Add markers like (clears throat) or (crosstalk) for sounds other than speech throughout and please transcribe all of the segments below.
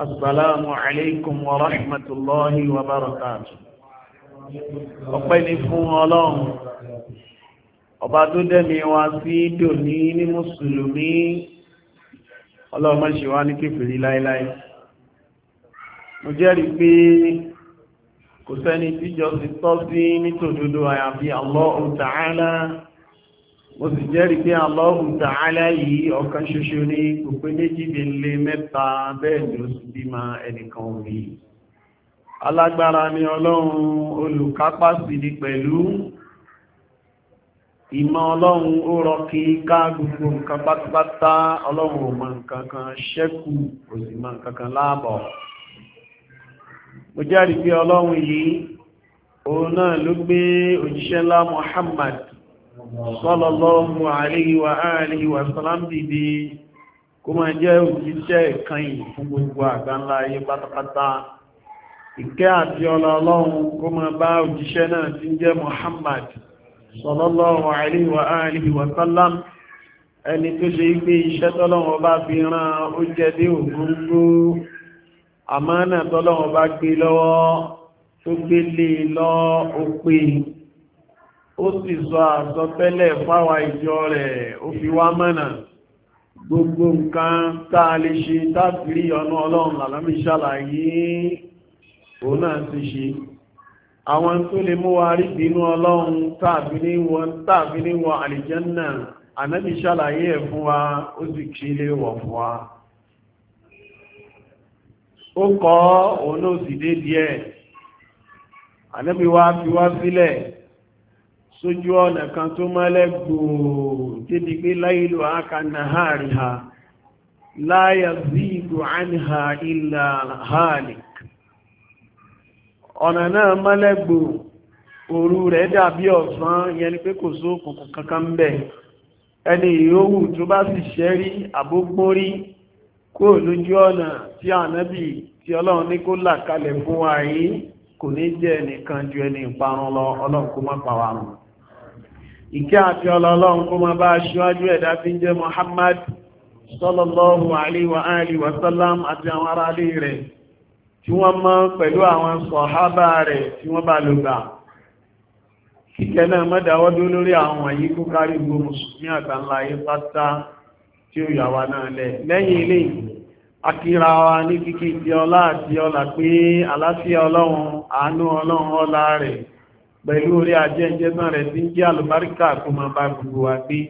السلام عليكم ورحمة الله وبركاته. barakatuh. Ọpẹ́ ni fún Ọlọ́run. Ọba tó dẹ́mi wa sí dòní ní Mùsùlùmí, Ọlọ́run má ṣe wá ní kèfèrí láíláí. Mo jẹ́rìí pé kò sẹ́ni tíjọ sí tọ́ sí nítòdodo àyàfi Allah Ta'ala mo sì jẹ́rìí pé Allahu Ta'ala yìí ọ̀kan ṣoṣo ní gbogbo méjìdínlé mẹ́ta bẹ́ẹ̀ ló sì bímọ ẹnìkan rí alágbára ni ọlọ́run olùkápá sì ní pẹ̀lú ìmọ̀ ọlọ́run ó rọ kí ká gbogbo nǹkan pátápátá ọlọ́run ò mọ nǹkan kan ṣẹ́kù kò sì mọ nǹkan kan láàbọ̀ mo jẹ́rìí pé ọlọ́run yìí òun náà ló gbé òjíṣẹ́ ńlá Muhammad sallallahu alayhi wa alihi wa sallam dìde kó máa jẹ́ òjíṣẹ́ ìkànnì fún gbogbo àgbáńlá ayé pátápátá ìkẹ́ àti ọlá ọlọ́run kó máa bá òjíṣẹ́ náà tí ń jẹ́ Muhammad sallallahu alayhi wa alihi wa sallam ẹni tó ṣe gbé iṣẹ́ tọ́lọ́wọ́ bá ó sì sọ àsọtẹ́lẹ̀ fáwa ìjọ rẹ̀ ó fi wá mọ́nà gbogbo nǹkan tá a lè ṣe tábìrí ọ̀nà ọlọ́run làlámì ṣàlàyé òun náà ti ṣe àwọn tó lè mú wa rí bínú ọlọ́run tàbí ní wọn tàbí wọn àlìjẹ́nà ànábì ṣàlàyé ẹ̀ fún wa ó sì kí lè wọ̀ fún wa ó kọ́ òun náà sì dé díẹ̀ ànábì wa fi wá sílẹ̀ sójú ọ̀nà kan tó mọ́lẹ̀ gbòòrò títí pé láìlò áka nàhárì ha láyà zíìdò ánìhà ilà halik ọ̀nà náà mọ́lẹ̀ gbòòrò òru rẹ̀ dàbí ọ̀sán yẹn ni pé kò sókùnkùn kankan bẹ̀ ẹni ìyówù tó bá sì ṣẹ́rí àbógbórí kó lójú ọ̀nà tí ànábì tí ọlọ́run ní kó là fún wa yìí kò ní jẹ́ ẹnìkan ju ẹni ìparun lọ ọlọ́run kó má pa ìkẹ́ àti ọlọ́lọ́run kó máa bá aṣíwájú ẹ̀dá tí ń jẹ́ Muhammad sallallahu alaihi wa alihi wa sallam àti àwọn ará ilé rẹ̀ tí wọ́n mọ́ pẹ̀lú àwọn sọ̀hábà rẹ̀ tí wọ́n bá lò gbà kíkẹ́ náà mọ́dáwọ́dó lórí àwọn àyí kó kárí gbogbo mùsùlùmí àtàlá ti pẹ̀lú orí ajẹ́jẹ́ náà rẹ̀ tí ń jẹ́ àlùbáríkà kó máa bá gbogbo wa gbé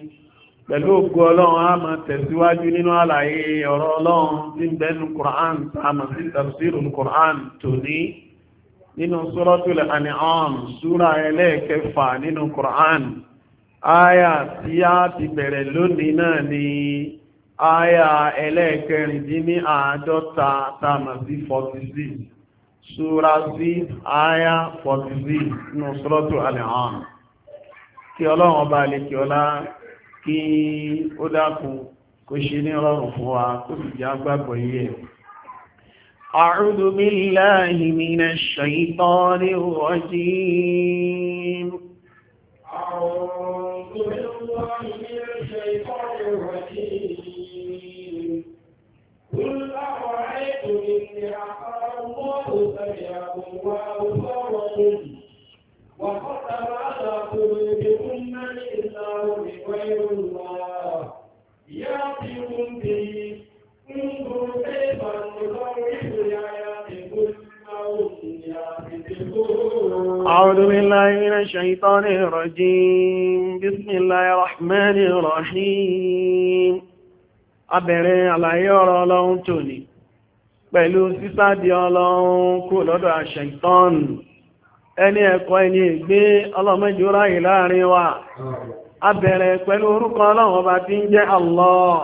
pẹ̀lú ògo ọlọ́run a máa tẹ̀síwájú nínú àlàyé ọ̀rọ̀ ọlọ́run tí ń bẹ́nu Qur'an àmà sí tafsiru Qur'an tòní nínú Suratul An'am súra ẹlẹ́ẹ̀kẹfà nínú Qur'an aya tí a ti bẹ̀rẹ̀ lónìí náà ni aya ẹlẹ́ẹ̀kẹrìndínláàádọ́ta tàmà sí 46 ṣúra sí àyà 46 nù sọ́lọ́tù alìhàn kí ọlọ́run ọba lè kí ọlá kí ó dákun kó ṣe ní ọlọ́run fún wa kó sì jẹ́ agbágbọ̀ yìí ẹ̀ أعوذ بالله من الشيطان الرجيم أعوذ بالله من أعوذ بالله من الشيطان الرجيم بسم الله الرحمن الرحيم Abẹ̀rẹ̀ àlàyé ọ̀rọ̀ ọlọ́run tòní pẹ̀lú sísádi ọlọ́run kò lọ́dọ̀ àṣẹ̀tọ́n ẹni ẹ̀kọ́ ẹni ìgbé ọlọ́mẹ́jì ráyì láàrin wa a bẹ̀rẹ̀ pẹ̀lú orúkọ ọlọ́run tí ń jẹ́ Allah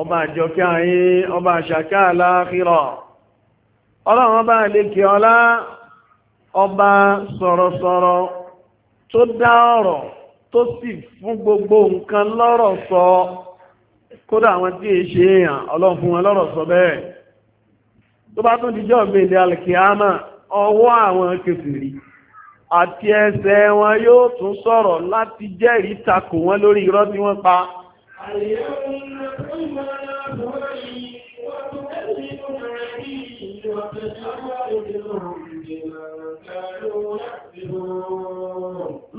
ọba àjọkẹ́ ayé ọba àṣàkẹ́ aláàkírọ̀ ọlọ́run ọba àlékè ọlá ọba sọ̀rọ̀sọ̀rọ̀ tó dá ọ̀rọ̀ tó sì fún gbogbo nǹkan ọlọ́run fún wọn lọ́rọ̀ sọ bẹ́ẹ̀ tó bá tún dijọ́ gbèdé alkiyama ọwọ́ àwọn kèfèrí àti ẹsẹ̀ wọn yóò tún sọ̀rọ̀ láti jẹ́rìí takò wọn lórí irọ́ tí wọ́n pa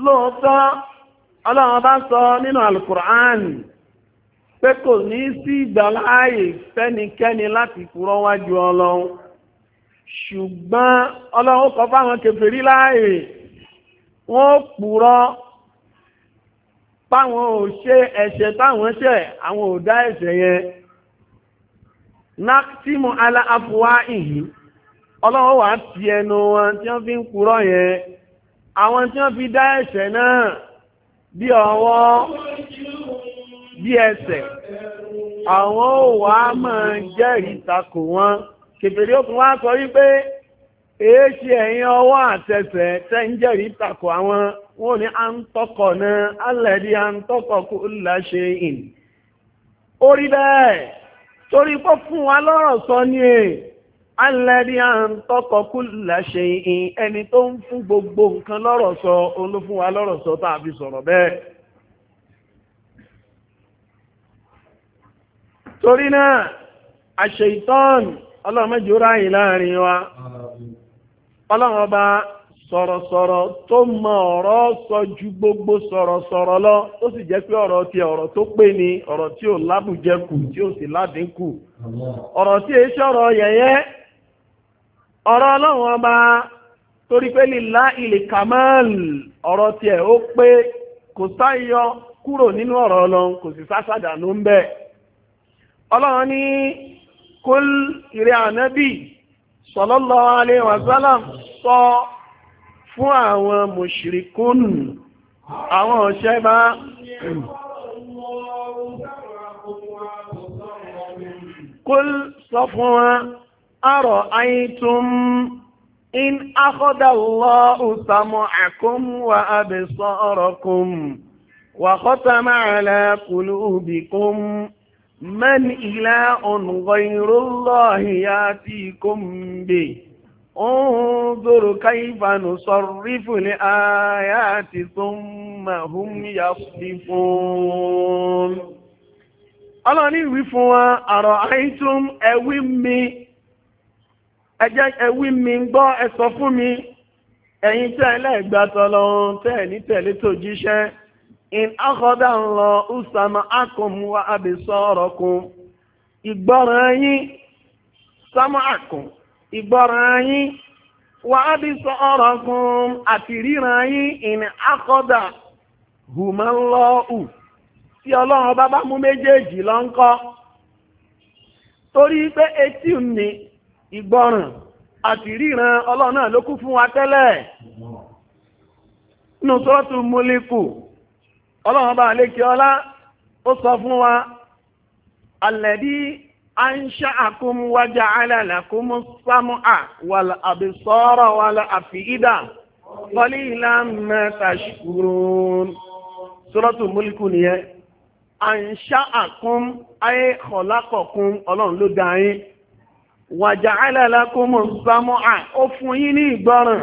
lóòótọ́ ọlọ́run bá sọ nínú alkùránì pé kò ní sí ìgbàláàyè fẹ́nikẹ́ni láti purọ́ wájú ọlọ́run ṣùgbọ́n ọlọ́run kọ fáwọn kèfèrí láàyè wọ́n purọ́ páwọn ò ṣe ẹ̀ṣẹ̀ táwọn ṣẹ̀ àwọn ò dá ẹ̀ṣẹ̀ yẹn naktimu ala afwa'ihi ọlọ́run wà ti ẹnu wọn tí wọ́n fi ń purọ́ yẹn àwọn tí wọ́n fi dá ẹ̀ṣẹ̀ náà bí ọwọ́ ìdí ẹsẹ̀ àwọn ò wá máa jẹ́rìí takò wọn kèfèrí ó tún wá sọ wípé èéṣe ẹ̀yìn ọwọ́ àtẹsẹ̀ tẹ́ ń jẹ́rìí takò àwọn wọn ò ní à ń tọkọ̀ náà alẹ́dí à ń tọkọ̀ kó láṣẹ ìn ó rí bẹ́ẹ̀ torí pé fún wa lọ́rọ̀ sọ ni è alẹ́dí à ń tọkọ̀ kó láṣẹ ìn ẹni tó ń fún gbogbo nǹkan lọ́rọ̀ sọ òun ló fún wa lọ́rọ̀ sọ tá a fi sọ̀rọ̀ bẹ́ẹ̀. torí náà àṣeyìtọ́n ọlọ́mọdé ráyìn láàrin wa ọlọ́run ọba sọ̀rọ̀sọ̀rọ̀ tó mọ ọ̀rọ̀ sọ ju gbogbo sọ̀rọ̀sọ̀rọ̀ lọ tó sì jẹ́ pé ọ̀rọ̀ ti ọ̀rọ̀ tó pé ni ọ̀rọ̀ tí tí sì ọ̀rọ̀ tí yẹ̀yẹ́ ọ̀rọ̀ torí pé lílá ilẹ̀ kamal ọ̀rọ̀ tiẹ̀ ó pé kò sáyọ kúrò nínú ọ̀rọ̀ ọlọ́run kò sì ọlọ́run ní kúl ìrẹ́ ànábì sallallahu alaihi wasallam sọ fún àwọn mushrikun àwọn ọ̀ṣẹ́ bá kúl sọ fún wọn àrọ̀ àyíntún in akhadha Allahu sam'akum wa absarakum wa khatama ala qulubikum من إله غير الله ياتيكم به انظر كيف نصرف الآيات ثم هم يصدفون Ọlọ́run ní ìwí fún mi, ẹjẹ́ ẹwí mi ń gbọ́ ẹ̀sọ fún mi, ẹ̀yin tẹ́lẹ̀ ìgbàtọ̀ lọ́run tẹ́ẹ̀ ní tẹ̀lé tó jíṣẹ́. in akọ́dá nlọ usama akọm wa abisọ́rọ̀kún ìgbọ́ràn yín sama akọm ìgbọ́ràn yín wa abisọ́rọ̀kún àti ríran yín in akọ́dá hùmọ́lọ́ù tí ọlọ́run bá bá mú méjèèjì lọ nkọ. torí pé etí ni ìgbọ́ràn àti ríran ọlọ́run náà ló kú fún wa tẹ́lẹ̀ nùtọ́tù múlíkù ọlọ́run bá lékè ọlá ó sọ fún wa alẹ́bí anṣá àkómú wájà alẹ́lẹ́ àkómú sámúà wàlà àbísọ́rọ̀ wàlà àfìídà kọ́lí ìlànà tàṣkúrún sọ́rọ́tù múlíkù nìyẹn anṣá àkómú ayé kọ̀lákọ̀kún ọlọ́run ló dá yín wàjà alẹ́lẹ́ àkómú ó fún yín ní ìgbọ́ràn.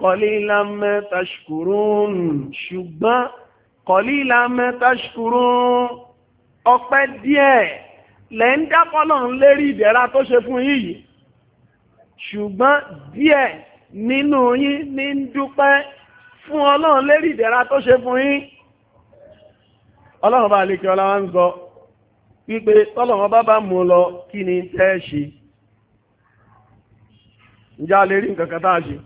kọlílá mẹ́ta ṣùkúrún ṣùgbọ́n kọlílá mẹ́ta ṣùkúrún ọpẹ́ díẹ̀ lẹ́ ń dápọ́lọ̀ ń lérí ìdẹ̀ra tó ṣe fún yìí ṣùgbọ́n díẹ̀ nínú yín ní ń dúpẹ́ fún ọlọ́run lérí ìdẹ̀ra tó ṣe fún yín ọlọ́run bá lè kí ọlá ń gọ wípé tọ́lọ̀wọ́n bá bá mú lọ kí ni tẹ́ ṣe ǹjẹ́ a lè nǹkan kan tá ṣe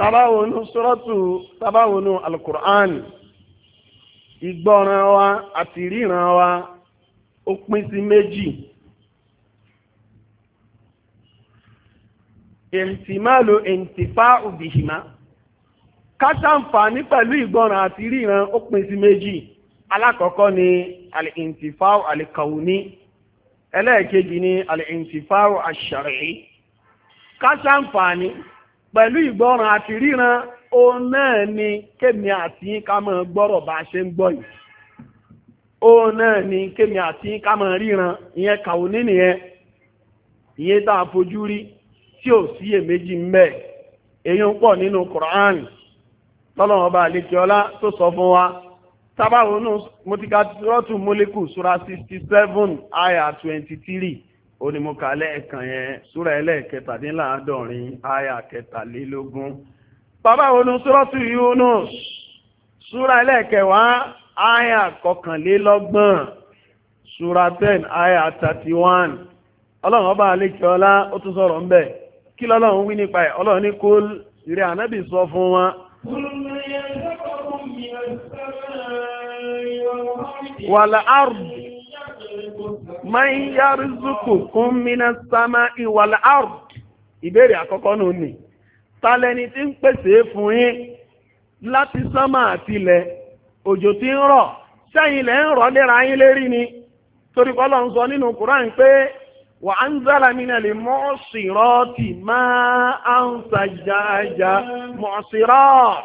tabawonu sọ́rọ́tù tabawonu alukur'an ìgbọ́ràn wa àti ríran wa ó pín sí méjì ìtìmáàlù ìntìfá òbìhìmá kásánfàní pẹ̀lú ìgbọ́ràn àti ríran ó pín sí méjì alákọ̀ọ́kọ́ ni alìntìfá alìkàwùní ẹlẹ́ẹ̀kejì ni alìntìfá àṣàrí kásánfàní pẹ̀lú ìgbọ́ràn àti ríran òun náà ni kémi àti ká máa gbọ́rọ̀ bá a ṣe ń gbọ́ yìí òun náà ni kémi àti ká máa ríran ìyẹn kàwọn nínìyẹn ìyẹn tá a fojú rí tí ò sí èméjì mbẹ èyí ń pọ̀ nínú Quran tọ́lọ́run ọba àlekè ọlá tó sọ fún wa tábàwọn nù mọ́tíkà rọ́tù sura sixty seven ayah twenty three ó ní mo kà lẹ́ẹ̀kan yẹn súra ẹlẹ́ẹ̀kẹtàdínláàádọ́rin àyà kẹtàlélógún bàbá wo ni súrọ́tù Yunus súra ẹlẹ́ẹ̀kẹwàá àyà kọkànlélọ́gbọ̀n súra ten àyà thirty one ọlọ́run ọba àlejò ọlá ó tún sọ̀rọ̀ ńbẹ̀ kí lọ́lọ́run wí nípa ẹ̀ ọlọ́run ní kó ìrẹ́ ànábì sọ fún wọn. wàlá àrùn man yarzuqukum minas sama'i wal ard ìbéèrè àkọ́kọ́ nù ní talẹ́ni tí ń pèsè fún yín láti sánmà àtilẹ̀ òjò tí ń rọ̀ sẹ́yìn lẹ́ ń rọ̀ lẹ́ra yín lérí ni torí kọ́ lọ ń sọ nínú Kùránì pé wa anzala minal mu'sirati ma'an sajjaja mu'sirat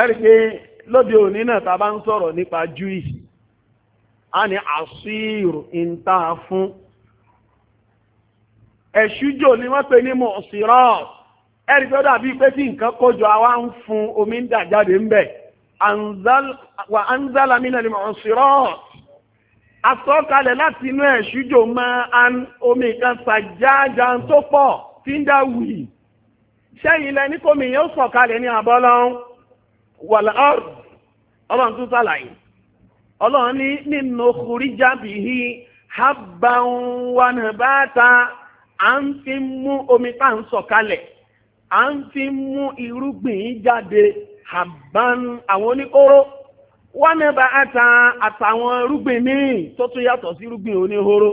ẹ̀rì pé lóde òní náà ta bá ń sọ̀rọ̀ nípa júìsì a ní àṣírù ìta fún ẹ̀ṣújò ni wọ́n pè ní mọ̀sírọ̀ ẹ̀rí tó dàbí pé tí nǹkan kójọ àwa ń fún omi ń dà jáde ń bẹ̀ wà á ń zálà mí náà ni mọ̀sírọ̀ asọ́kalẹ̀ láti inú ẹ̀ṣújò máa ń omi kan sàjájá tó pọ̀ tí ń dá sẹ́yìn lẹ́ni kómi yóò sọ̀kalẹ̀ ní àbọ́lọ́ wàlá ọ̀rọ̀ ọlọ́run tún sàlàyé ọlọ́run ní nínú kúríjà bìí habban wa nabata à ń fi mú omi tá à ń sọ̀kalẹ̀ à ń fi mú irúgbìn jáde habban àwọn oníkóró wa nabata àtàwọn irúgbìn míì tó tún yàtọ̀ sí irúgbìn oníhóró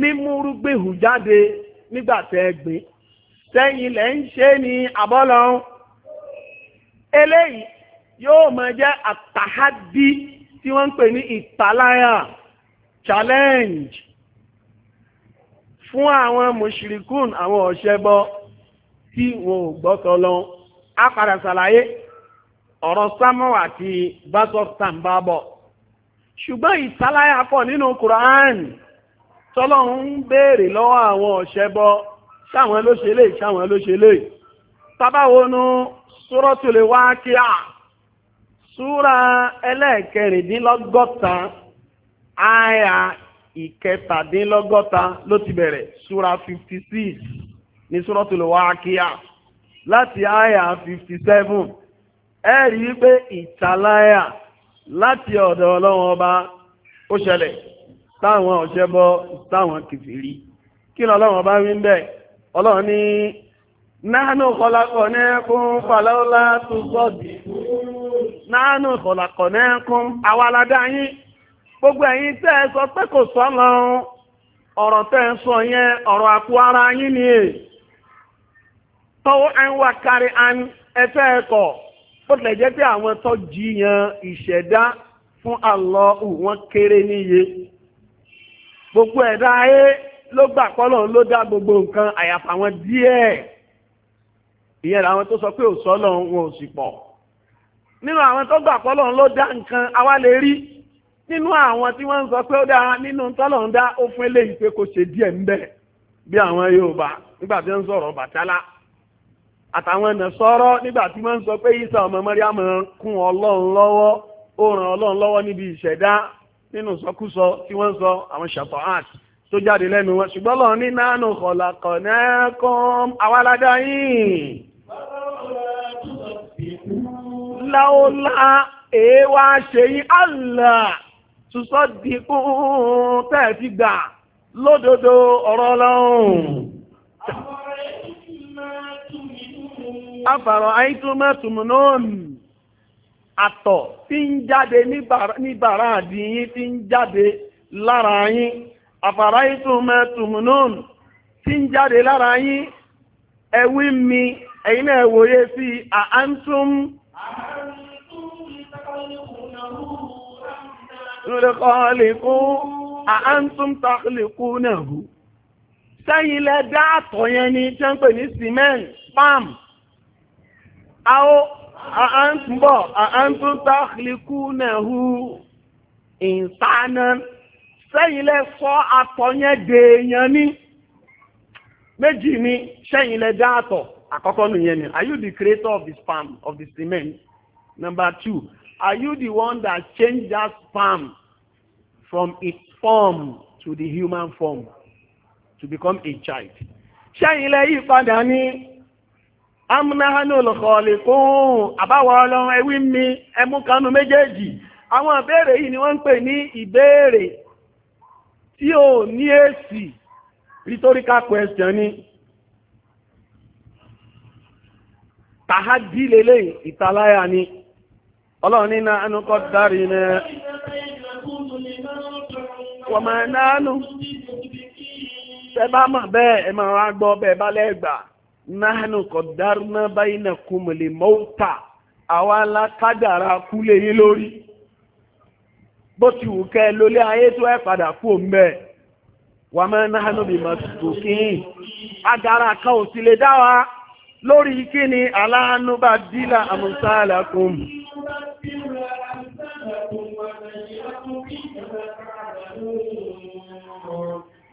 mímú irúgbìn hù jáde nígbà tẹ́ ẹ gbé sẹ́yìn lẹ́ ń ṣe ní abọ́lọ́run eléyìí yóò máa jẹ́ àtàhádìí tí wọ́n ń pè ní ìtàláyà challenge fún àwọn mùṣírikùn àwọn ọ̀ṣẹ́bọ tí wọn ò gbọ́kọ̀ lọ á padà ṣàlàyé ọ̀rọ̀ samuel àti basọ́tàn bá bọ̀ ṣùgbọ́n ìtàláyà pọ̀ nínú Quran tọ́lọ́run ń béèrè lọ́wọ́ àwọn ọ̀ṣẹ́bọ sáwọn ló ṣe lè sáwọn ló ṣe lè tábàwọnú Suratul súra ẹlẹ́ẹ̀kẹrìndínlọ́gọ́ta àyà ìkẹtàdínlọ́gọ́ta ló ti bẹ̀rẹ̀ súra fifty six ní súratul Wákíà láti àyà fifty seven ẹ rí i pé ìtàláyà láti ọ̀dọ̀ ọlọ́run ọba ó ṣẹlẹ̀ táwọn ọ̀ṣẹ́bọ táwọn kìfìrí kí ni ọlọ́run ọba wí ń bẹ̀ ọlọ́run ní nánú kọlákọ̀ ní kún fàlọ́lá tó sọ́ọ̀dì nánú ìkọ̀làkọ̀ náà kún awalada yín gbogbo ẹ̀yin tẹ́ ẹ sọ pé kò sọ́nà ọ̀rọ̀ tẹ́ ẹ sọ yẹn ọ̀rọ̀ àpò ara yín ni è tọ́wọ́ ẹ̀ ń wá kárí ẹfẹ́ ẹ̀kọ́ bó tilẹ̀ jẹ́ pé àwọn tó jiyàn ìṣẹ̀dá fún Allahu wọn kéré níye gbogbo ẹ̀dá ayé ló gbà pọ́lọ̀ ló dá gbogbo nǹkan àyàfà wọn díẹ̀ ìyẹn làwọn tó sọ pé òsọ́lọ̀ wọn ò sì pọ̀ nínú àwọn tó gbà pọ́lọ́run ló dá nǹkan àwa lè rí nínú àwọn tí wọ́n ń sọ pé ó dára nínú tọ́lọ́run dá ó fún eléyìí pé kò ṣe díẹ̀ ńbẹ̀ bí àwọn Yorùbá nígbà tí wọ́n ń sọ̀rọ̀ Bàtálá àtàwọn ẹ̀nà sọ̀rọ̀ nígbà tí wọ́n ń sọ pé Ìsá ọmọ Màríà máa kún Ọlọ́run lọ́wọ́ ó ràn Ọlọ́run lọ́wọ́ níbi ìṣẹ̀dá nínú sọkúsọ tí wọ́n ń sọ àwọn ṣàtọ̀ art tó jáde lẹ́nu wọn ṣùgbọ́n lọ́run ní nánú kọ̀làkọ̀ náà kọ́ àwa la dá láọ́lá èéwá ṣe yín àlà tùsọ́ di kún tẹ́ ti gbà lódodo ọ̀rọ̀ ọlọ́run. afàrọ̀ àìtúmọ̀ tùmùnọ́ọ̀nù àtọ̀ tí ń jáde níbàrá àdìyín tí ń jáde lára yín àfàrá ìtùmọ̀ tùmùnọ́ọ̀nù tí ń jáde lára yín ẹ̀wí mi ẹ̀yin náà wòye sí àántúm. lọ́lẹ́kọ́ọ́lẹ́kọ́ àántún tàkìlẹ́kọ́ náà hù sẹ́yìn lẹ dá àtọ̀ yẹn ni tí wọ́n pè ní cement palm àó àántún bọ̀ àántún tàkìlẹ́kọ́ náà hù ìntánà sẹ́yìn lẹ sọ àtọ̀ yẹn dèèyàn ní méjì ni sẹ́yìn lẹ dá àtọ̀ àkọ́kọ́ nìyẹn ni are you the creator of the palm of the cement number two Are you the one that changed that sperm from its form to the human form to become a child? Ṣẹ́yìn lẹ́yìn padà ní Amúnáhánú olùkọ́ọ̀lì àbáwọ̀ ọlọ́run ẹwí mi ẹmú kanú méjèèjì. Àwọn ìbéèrè yìí ni wọ́n ń pè ní ìbéèrè tí ò ní èsì rhetorical question ni. Tàhádìí lélẹ̀ ìtaláyà ni. ọlọ́run ní nánú kọ́ dárí ní wọ́n máa nánú tẹ bá mọ̀ bẹ́ẹ̀ ẹ máa wá gbọ́ bẹ́ẹ̀ bá lẹ́gbàá nánú kọ́ dárí náà báyìí nà kùmùlì mọ́ta àwa ńlá kú lè yín lórí bó ti wù kẹ́ lólé ayé tó ẹ̀ padà kú òmbẹ́ wà máa bí agara kan ò sì wa lórí kí ni aláàánú bá dílà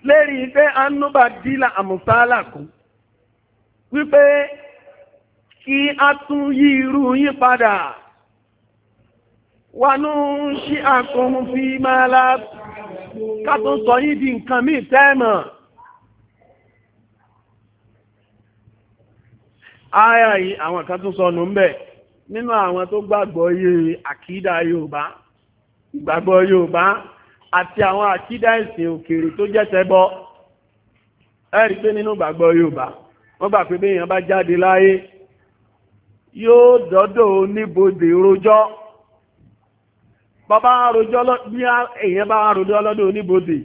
lérí pé anúbà dílà àmùsálà kù wípé kí a tún yí irú yín padà wọnú ṣí àkóhun fi máa lá kátó sọ yín di nǹkan míì tẹ́ẹ̀mọ̀. Aya yìí àwọn kan tún sọnù ń bẹ̀ nínú àwọn tó gbàgbọ́ yé àkídà Yorùbá ìgbàgbọ́ Yorùbá àti àwọn àkídà ìsìn òkèèrè tó jẹ́ tẹ́bọ ẹ rí pé nínú ìgbàgbọ́ Yorùbá wọ́n gbà pé bí èèyàn bá jáde láyé yóò dọ́dọ̀ oníbodè rojọ́ bàbá rojọ́ bí èèyàn bá rojọ́ lọ́dọ̀ oníbodè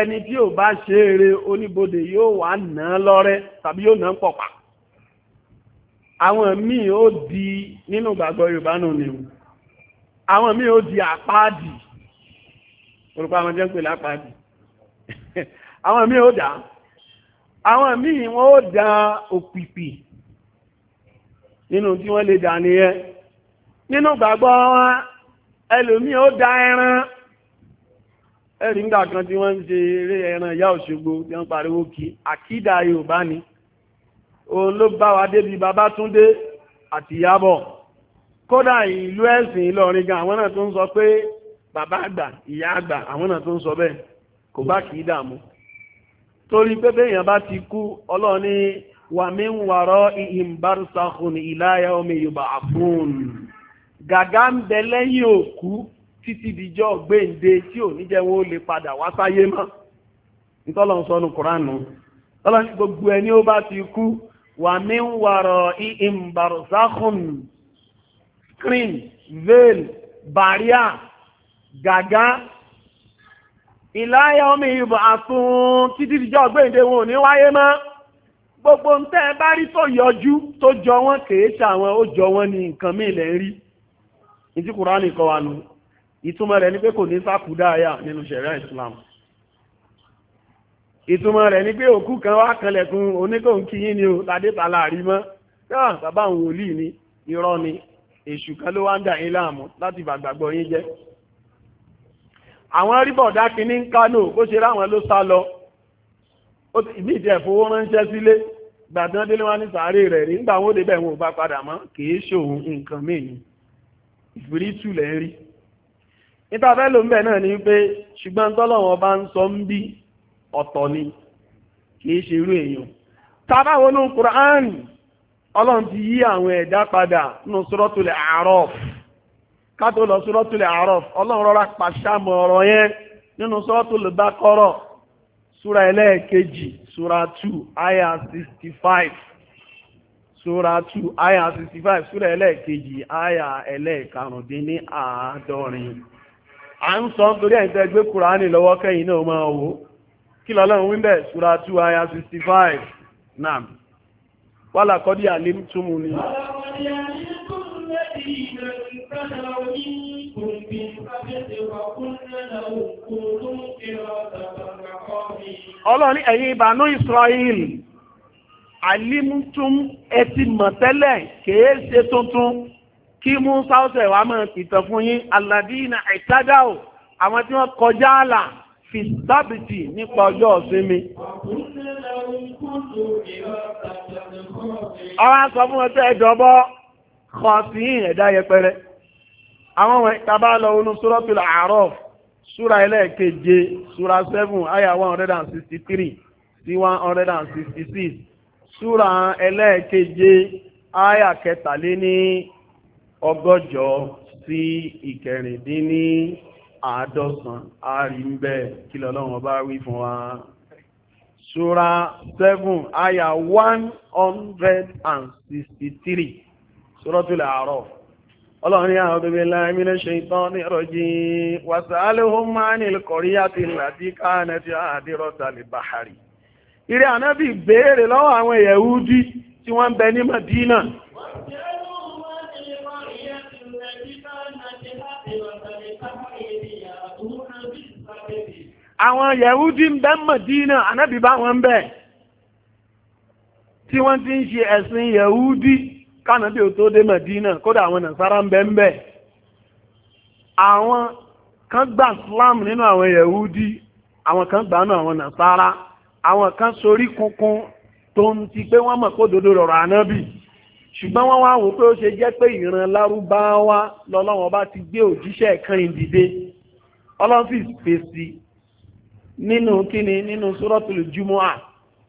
ẹni tí ò bá ṣe eré oníbodè yóò wà ná lọ́rẹ́ tàbí yóò ná pọ̀pàá àwọn míì ó di nínú gbàgbọ́ Yorùbá náà ni o àwọn míì ó di àpáàdì orúkọ àwọn jẹ́ ń pè lápáàdì (laughs) àwọn míì ó dà àwọn míì wọ́n ó da òpìpì nínú tí wọ́n lè dà nìyẹn nínú gbàgbọ́ wọn ẹlòmíì ó da ẹran ẹ̀rí kan tí wọ́n ń ṣe eré ẹran ìyá Òṣogbo tí wọ́n pariwo kí àkídà Yorùbá ni. òun ló bá wa débi Babátúndé àti Ìyábọ̀ kódà ìlú ẹ̀sìn Ìlọrin gan àwọn náà tó ń sọ pé bàbá àgbà ìyá àgbà àwọn náà tó sọ bẹ́ẹ̀ kò bá kìí dààmú torí pé bá ti kú Ọlọ́run ní wà ń wàrọ́ ìhìn bárúsàkùn ìláyà omi yorùbá àfún gàgá ń bẹ lẹ́yìn òkú títí gbéǹde tí ò ní ó lè padà wá sáyé mọ́ wà mí ń wàrọ̀ ìhìn barzakhun screen veil barrier gàgá ìláyà omi ìbò àtún títí ìjọ gbéǹde wọn ò ní wáyé mọ́ gbogbo ń tẹ́ bá rí tó yọjú tó jọ wọ́n kèé ṣàwọn ó jọ wọ́n ní nǹkan mí ilẹ̀ rí ìtí kùránì kọ́ nù ìtumọ̀ rẹ̀ ni pé kò ní sákúdáyà nínú ṣẹ̀ríà Islam ìtumọ̀ rẹ̀ ni pé òkú kan wá kanlẹ̀kùn oníkòǹkì ni o tàdé láàrí mọ́ náà bàbá àwọn ni irọ́ ni èṣù kan ló wá ń dà yín láàmú láti bàgbàgbọ́ yín jẹ́ àwọn rìbọ̀dá kínní ń kánò bó ṣe ló sá lọ ìdí ránṣẹ́ sílé gbàdán délé wá ní sàárè rẹ̀ rí nígbà wọn débẹ̀ wọn ò bá padà mọ́ kìí ṣòun nǹkan mìíràn ni pé ọ̀tọ̀ ni kìí ṣe irú èèyàn tàbáwo ní Qur'an ọlọ́run ti yí àwọn ẹ̀dá padà nínú Suratul A'raf kátó lọ Suratul A'raf ọlọ́run rọra pàṣámọ̀ ọ̀rọ̀ yẹn nínú Suratul Baqara súra ẹlẹ́ẹ̀kejì 2 aya 65 súra 2 aya 65 súra ẹlẹ́ẹ̀kejì aya ẹlẹ́ẹ̀karùndínní à ń sọ nítorí ẹ̀ńtẹ́ gbé Kùránì lọ́wọ́ kẹ́yìn náà máa wò ó kí lọ́lọ́run wíńbẹ̀ ṣúra 2 aya 65 náà wálà kọ́dí àlím túnmù ni ọlọ́ni ẹ̀yin ìbànú Israel àlímútún ẹti mọ̀tẹ́lẹ̀ kèé ṣe tuntun kí mú sáúsẹ̀ wà mọ̀ ìtàn fún yín aládìí na ìtádáò àwọn tí wọ́n kọjá àlà fi sábìtì nípa ọjọ́ ìsinmi. Ọwá sọ fún ọjọ́ ìjọbọ́ kọ sí ẹ̀dá yẹpẹrẹ. Àwọn ọmọ ìtàbá lọ onú Súrọ́pìlà Àárọ̀f, Súra ẹlẹ́ẹ̀keje, Súra 7, Aya 163 sí 166. Súra ẹlẹ́ẹ̀keje, Aya kẹtàlé ní ọgọ́jọ sí ìkẹrìndínní àádọ́sán àárí ń bẹ́ kí lọ́lọ́wọ́ bá wí fún wa ṣúra 7 àyà 163 Suratul A'raf ọlọ́rin àwọn obìnrin láì mílẹ̀ ṣe ìtàn ní ọ̀rọ̀jì wàsàálẹ́hùn máa ní ìkọ̀rí àti ìlàtí káànẹ̀ tí a àdírọ́ta lè bàárì ìrẹ́ ànábì béèrè lọ́wọ́ àwọn Yẹhudi tí wọ́n ń bẹ ní Madina àwọn yẹ̀húdí ń bẹ mọ̀dínà anábì bá wọn tí wọ́n ti ń ṣe ẹ̀sìn yẹ̀húdí kánàbí ò tó dé mọ̀dínà kódà àwọn nàṣàrà àwọn kan gbà Islam nínú àwọn yẹ̀húdí àwọn kan gbà àwọn nàṣàrà àwọn kan sorí kunkun tó ti pé wọ́n mọ̀ anábì ṣùgbọ́n wọ́n wá wò pé ó ṣe jẹ́ ti gbé òjíṣẹ́ kan ìdìde ọlọ́fíìsì fèsì nínú kíni nínú suratul jumu'ah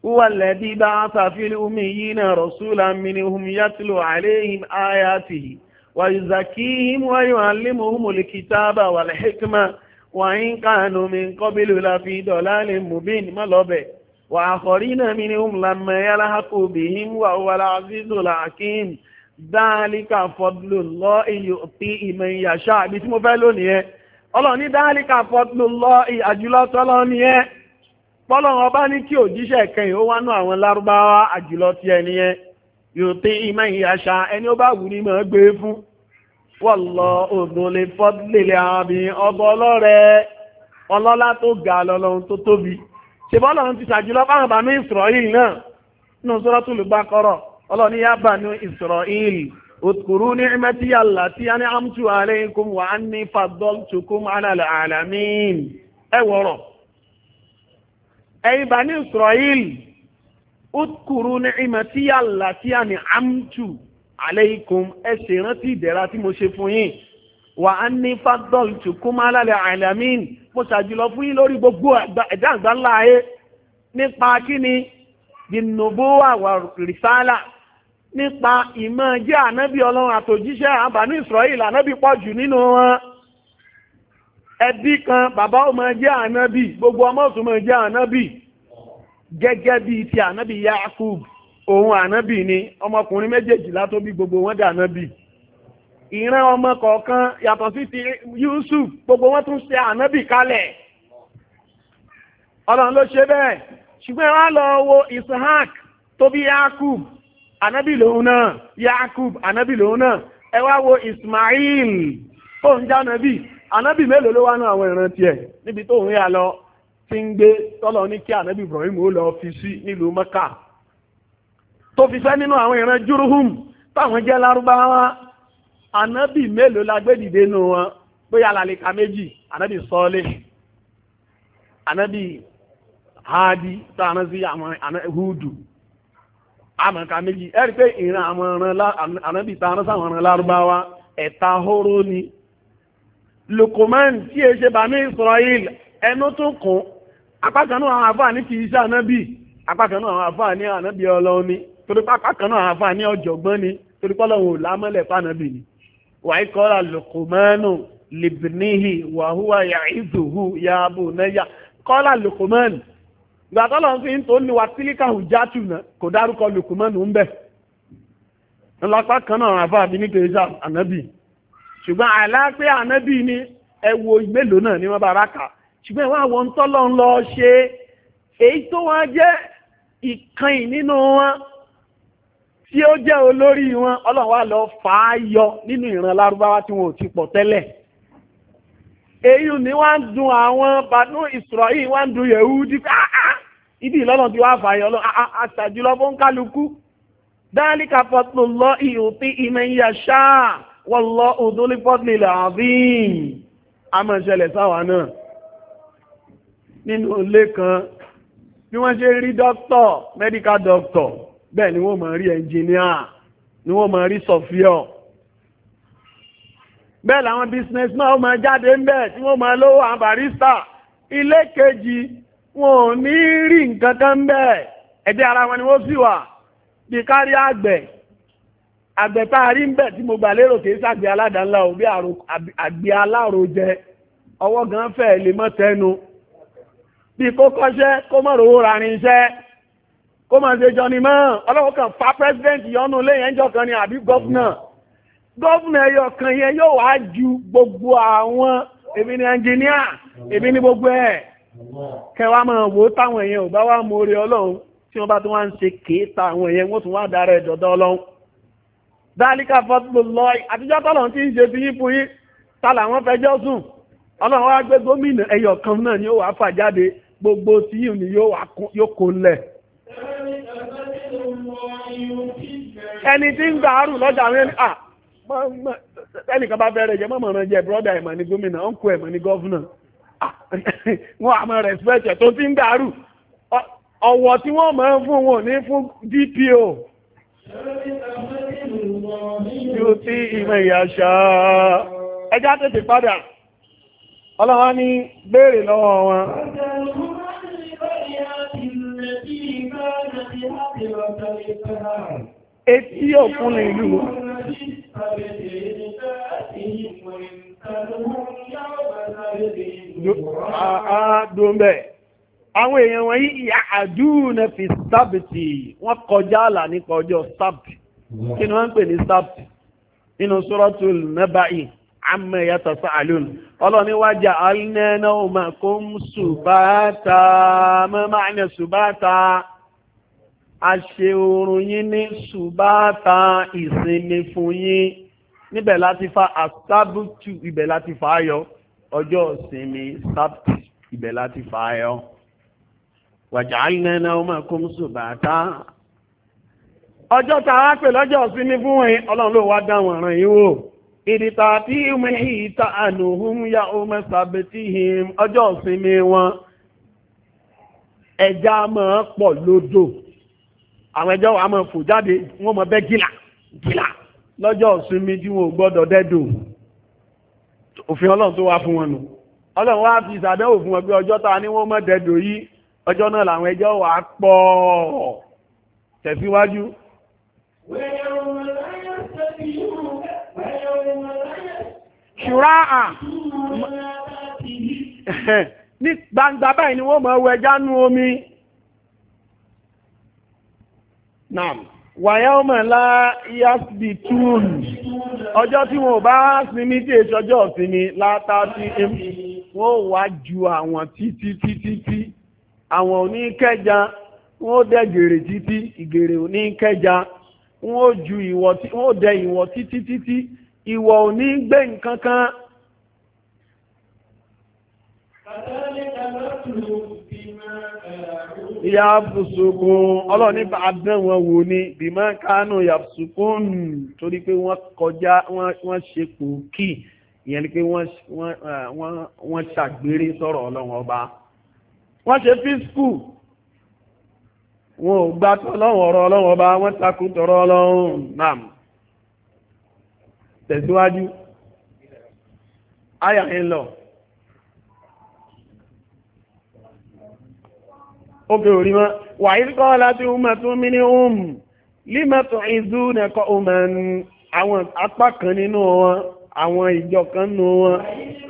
huwa alladhi ba'atha fil ummiyina rasulan minhum yatlu alayhim ayatihi wa yuzakkihim wa yu'allimuhumul kitaba wal hikma wa in kanu min qablu lafi dalalin mubin mọ́lọ́bẹ̀ wa akharina minhum lamma yalhaqu bihim wa huwal azizul hakim dhalika ọlọ́run ní dáhálíkà fọ́tún lọ àjùlọ tọ́lọ́ ẹ́ ọba ní kí òjíṣẹ́ kẹyìn ó wánú àwọn lárúbáwá àjùlọ ti ẹni yẹn yóò tẹ ìmọ̀ ìyàṣà ẹni ó bá wù ní mọ̀ gbé e fún wọ́lọ́ ògùn lè fọ́dúnlélẹ̀ àbí ọgbọ́ ọlọ́rẹ̀ ọlọ́lá tó ga lọ́lọ́run ṣe bọ́lọ́run ti ṣàjùlọ fáwọn bàmí náà اذكروا نعمتي التي أنعمت عليكم وأني فضلتكم على العالمين ẹ wọ̀rọ̀ ẹ̀yin Bani Israel اذكروا نعمتي التي أنعمت عليكم ẹ ṣe rántí ìdẹ̀ra tí mo ṣe fún yín وأني فضلتكم على العالمين mo ṣàjùlọ fún yín lórí gbogbo ẹ̀dá àgbáńlá ayé nípa kíni bí nubuwa wà rìsálà nípa ìmọ̀ jẹ́ ànábì ọlọ́run àtòjíṣẹ́ àbánú Israel ànábì pọ̀ jù nínú wọn ẹbí kan bàbá ọmọ jẹ́ gbogbo ọmọ ọ̀tún mọ̀ jẹ́ gẹ́gẹ́ ti anabi Yakub ohun anabi ni ọmọkùnrin méjèèjìlá tó gbogbo wọn dà anabi. ìran ọmọ kọ̀ọ̀kan yàtọ̀ Yusuf gbogbo wọn tún ṣe kalẹ̀ ọlọ́run ló ṣe bẹ́ẹ̀ ṣùgbọ́n wọn wo Ishaq Yakub anabi lòun náà yakub anabi lòun náà ẹ wá wo ismail tó ń jánabi anabi mélòó ló wá ní àwọn ìran tiẹ̀ níbi tó ń yà lọ ti ń gbé tọ́lọ ní kí anabi ibrahim ó lọ fi sí nílùú mẹ́kà tó fi fẹ́ nínú àwọn ìran júrúhùm táwọn jẹ́ lárúbáwá anabi mélòó la gbé dìde nù wọn bóyá làlìkà méjì anabi sọ́ọ́lẹ̀ anabi haadi tó àná sí àwọn hudu àmọ̀ká méjì ẹ̀rí pé ìran àwọn ọ̀ràn ànábì ta rán sáwọn ọ̀ràn lárúbáwá ẹ̀ta hóró ni Luqman tí e ṣe bàmí Israel ẹnu tó kún apákanú àwọn àfáà ní kì í ṣe ànábì apákanú àwọn àfáà ní ànábì ọlọ́run ni torí apákanú àwọn àfáà ní ọ̀jọ̀gbọ́n ni torí pọ́lọ́run ò lámọ́lẹ̀ fànábì ni wàá kọ́ra Luqmanu libnihi wàhúwà ya'idhuhu ya bunayya kọ́ra Luqman gbàtọ́lọ̀ fi ń tó ní wa sílíkà náà kò dárúkọ lùkùmọ́nù ń bẹ̀ ńlọpá kan náà àfa àbí nítorí sá ànábì ṣùgbọ́n àìlápé ànábì ní ẹwo mélòó náà ni wọ́n bá ráka ṣùgbọ́n àwọn ṣe èyí tó jẹ́ wọn tí ó jẹ́ olórí wọn ọlọ́run lọ fà yọ nínú ìran lárúbáwá wọn ò ti pọ̀ tẹ́lẹ̀ èyí ni wọ́n ń àwọn bàdún ibi ìlọ́nà tí wàá fààyè ọlọ́ àṣàjùlọ fún kálukú dáríkà fọ́tò lọ ìhòtí ìmẹ̀yà ṣáà wọ́n lọ òdólé fọ́tò ilẹ̀ àbíìn amọ̀ṣẹlẹ̀ sáwà náà nínú ilé kan bí wọ́n ṣe rí dókítọ̀ mẹ́díkà dókítọ̀ bẹ́ẹ̀ ni wọ́n máa rí ẹnjìníà ni wọ́n máa rí sọ̀fíọ̀ bẹ́ẹ̀ làwọn bísínẹ́sì náà máa jáde ń bẹ̀ tí wọ́n máa lówó àwọn barista ilé kejì wọn ò ní rí nǹkan kan bẹ́ẹ̀ ẹ̀dẹ́ ara wọn ni wọ́n sì wà bí kárí àgbẹ̀ àgbẹ̀ tá a rí ń bẹ̀ tí mo gbà lérò kì í ṣàgbẹ̀ aládàńlá ò bí àgbẹ̀ aláàrò ọwọ́ gan fẹ́ lè mọ́ tẹnu bí kó kọ́ṣẹ́ kó mọ̀ rówó ra ní iṣẹ́ kó mọ̀ ṣe jọ ni mọ́ ọlọ́wọ́ kan fa president yọnu lẹ́yìn ẹjọ́ kan ni àbí gọ́fúnà gọ́fúnà ẹyọ kan yẹn yóò wá ju gbogbo àwọn èmi ni ẹnjìníà èmi ni gbogbo ẹ̀ kẹwàá máa wò táwọn èèyàn ò bá wá mú orí ọlọ́run tí wọ́n bá tún wá ń ṣe kéèta àwọn èèyàn wọ́n tún wá dára ẹ̀dọ̀dọ̀ ọlọ́run dálíkà fọ́tulọ́ àtijọ́ tọ́lọ̀ tí ń ṣe fi yín ta làwọn fẹjọ́ sùn ọlọ́run wá gbé gómìnà ẹyọ kan náà ni fà jáde gbogbo tí yìí ni yóò kó ẹni tí ń àrùn lọ́jà bá fẹ́ rẹ̀ jẹ́ wọ́n àmọ́ respect tó ti ń dàrú ọ̀wọ̀ tí wọ́n máa ń fún wọn ní fún DPO ẹjá tètè padà ọlọ́wà ní béèrè lọ́wọ́ wọn etí òkun ìlú àádọ́mbẹ̀ àwọn èèyàn wọ̀nyí ìyá àdúnà fi sábìtì wọ́n kọjá àlà nípa ọjọ́ sábìtì kí ni wọ́n ń pè ní sábìtì nínú suratul naba'i amma yatasaalun ọlọ́ni wájà alẹ́nà òmàkún ṣùbátà mẹ́mà ní ṣùbátà a ṣe oorun yín ní ṣùbátà ìsinmi fún yín níbẹ̀ láti fa àsábùtù ibẹ̀ láti fà á yọ ọjọ́ ìsinmi sábùtù ibẹ̀ láti fà á yọ. waja'alna nawmakum subata ọjọ́ tá a pè lọ́jọ́ ìsinmi fún wọn ọlọ́run ló wá dá wọn ràn yín wò ìdìtà tí mẹ́hìn ìta ànúhùn ya ọmọ sàbẹ̀tìhìn ọjọ́ ìsinmi wọn ẹja máa pọ̀ lódò àwọn ẹja wa máa fò jáde wọ́n máa bẹ́ gíla gíla lọ́jọ́ ìsinmi tí wọn gbọdọ gbọ́dọ̀ dẹ́dùn òfin ọlọ́run tó wá fún wọn nù ọlọ́run wá fi ìsàdẹ́wò fún wọn ọjọ́ ta ní wọ́n mọ́ dẹ́dùn yìí ọjọ́ náà làwọn ẹjọ́ wà pọ̀ tẹ̀síwájú (laughs) ní gbangba báyìí ni wọ́n mọ̀ ẹwẹ́ jánú omi náà wàyáwọ́mọ̀ lá yásbì tún ọjọ́ tí wọ́n bá sinmi tí èso ọjọ́ sinmi látà tí wọ́n wá ju àwọn títí títí tí àwọn oníkẹjà wọ́n dẹ gèrè títí ìgèrè oníkẹjà wọ́n ju ìwọ̀ tí wọ́n dẹ ìwọ̀ títí títí ìwọ̀ òní gbé nǹkan kan. kàtàlẹ́ kàtàlẹ́ ìyá fùsùkún ọlọ́ọ̀ni bá dán wọn wò ní bímọ kánú ìyá fùsùkún torí pé wọ́n kọjá wọ́n ṣe pòókì ìyẹn ni pé wọ́n ṣàgbére sọ̀rọ̀ ọlọ́run ọba wọ́n ṣe fíṣkù wọn ò gbà tọ́lọ́run ọ̀rọ̀ ọlọ́run ọba wọ́n takú tọ̀rọ̀ ọlọ́run náà tẹ̀síwájú ayà ń lọ. obì orí mọ́ wà ìrìkọ́ láti ọmọ tó mí ní ohun límẹ́tọ̀ ìzú nẹ́kọ́ ọmọ àwọn apá kan nínú wọn àwọn ìjọ kan nínú wọn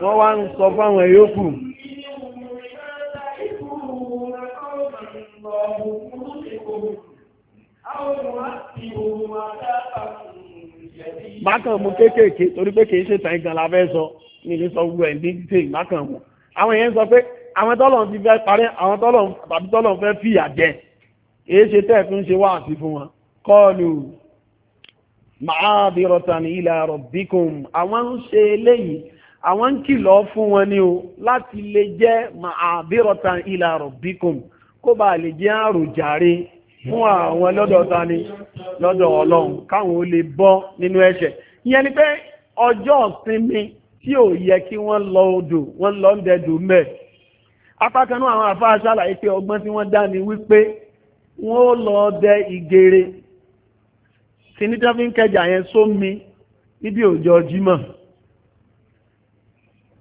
wọ́n wá ń sọ fáwọn yòókù bákànmù kéékèèké torí pé kìí ṣe tàn ìgbàlá fẹ́ sọ ní sọ gbogbo ẹ̀ ní dìtẹ̀ bákànmù àwọn èèyàn sọ pé àwọn tọ́lọ̀ ti fẹ́ parẹ́ àwọn tọ́lọ̀ tàbí tọ́lọ̀ fẹ́ fìyà jẹ èé ṣe tẹ́ fún ṣe wá sí fún wọn kọlù ma'adiratan ila rabbikum àwọn ń ṣe eléyìí àwọn ń kìlọ̀ fún wọn ni o láti lè jẹ́ ma'adiratan ila rabbikum kó bá lè jẹ́ àròjàre fún àwọn lọ́dọ̀ ta ni lọ́dọ̀ ọlọ́run káwọn ó lè bọ́ nínú ẹ̀ṣẹ̀ ìyẹn ni apákanú àwọn àfáà ṣàlàyé pé ọgbọ́n tí wọ́n dá ni wípé wọ́n lọ dẹ ìgèrè tí ní tẹ́fí ń kẹjà yẹn sómi níbi òjò jímọ̀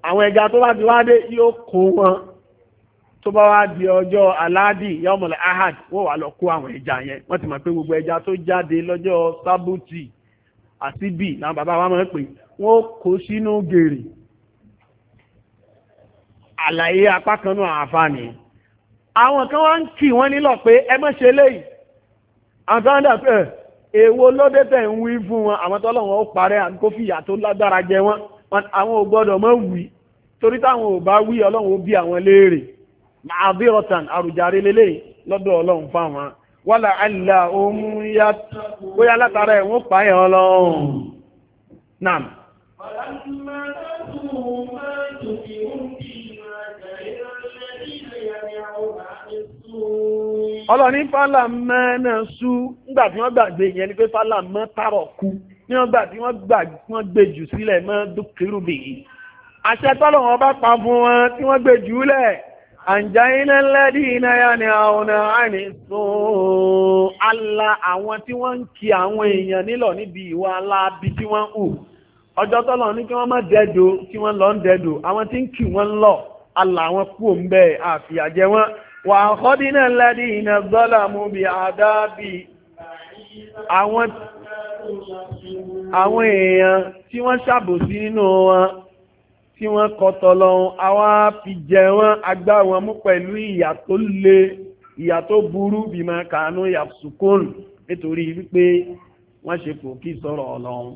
àwọn ẹja tó bá ti wá dé yóò kó wọn tó bá wá di ọjọ́ aláàdì yọmọlẹ̀ ahad wọ́n wà lọ kó àwọn ẹja yẹn wọ́n ti mọ̀ pé gbogbo ẹja tó jáde lọ́jọ́ sábùtì àti bì làwọn bàbá wa máa ń pè wọ́n kó sínú gèrè àlàyé apá kan náà àǹfààní àwọn kan wá ń kì wọ́n nílọ̀ pé ẹ mọ́ ṣe léyìí àwọn kan dà pé eh, èwo lóde tẹ̀ ń wí fún wọn àwọn tó lọ́wọ́ ó parẹ́ àti kó fìyà tó lágbára jẹ wọ́n àwọn ò gbọ́dọ̀ mọ́ wí torí táwọn ò bá wí ọlọ́run ó bí àwọn léèrè màdírọ̀tàn àrùjáre lélẹ̀ lọ́dọ̀ ọlọ́run fáwọn wọ́là àìlà ohun ya bóyá látara ẹ̀wọ̀n pààyàn ọlọ́run náà. ọlọ́ni fálà mẹ́nà sú nígbà tí wọ́n gbàgbé yẹn ni pé fálà mọ́ tààrọ̀ kú ní wọ́n gbà tí wọ́n gbà wọ́n gbé jù sílẹ̀ mọ́ dúkìrú bìyí àṣẹ tọ́lọ̀ wọn bá pa fún wọn tí wọ́n gbé jù lẹ̀ àǹjá iná lẹ́dí iná yá ni àwọn àìní sùn ala àwọn tí wọ́n ń kí àwọn èèyàn nílọ̀ níbi ìwà alábi tí wọ́n ń hù ọjọ́ tọ́lọ̀ ní kí wọ́n má dẹ́dò kí wọ́n lọ ń dẹ́dò àwọn tí ń kì wọ́n lọ ala àwọn kú òun bẹ́ẹ̀ àfìyàjẹ wọn. وأخذنا الذين ظلموا بعذاب àwọn àwọn èèyàn tí wọ́n ṣàbòsí nínú wọn tí wọ́n kọtọ̀ lọ́hun àwọn àfijẹ wọn agbá wọn mú pẹ̀lú ìyà tó le ìyà tó burú bí máa kàánú yàsùkún nítorí wípé wọ́n ṣe kò kí sọ̀rọ̀ ọlọ́run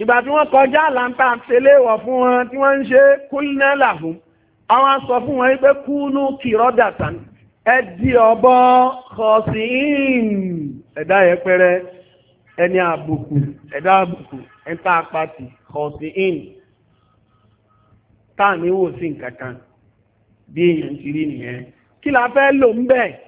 ìgbà tí wọ́n kọjá àlàntà tẹ́léwọ̀ fún wọn tí wọ́n ń ṣe kúlínà làhùn àwọn sọ fún wọn wípé kúnú kìrọ́dàtàn ẹdí ọ̀bọ kọ̀ọ̀sìn ẹ̀dá yẹpẹrẹ ẹni àbùkù ẹ̀dá àbùkù ẹ̀ta apàtì kọ̀ọ̀sìn táà ní wò bí èèyàn ti rí nìyẹn kí la fẹ́ lò ń bẹ́ẹ̀.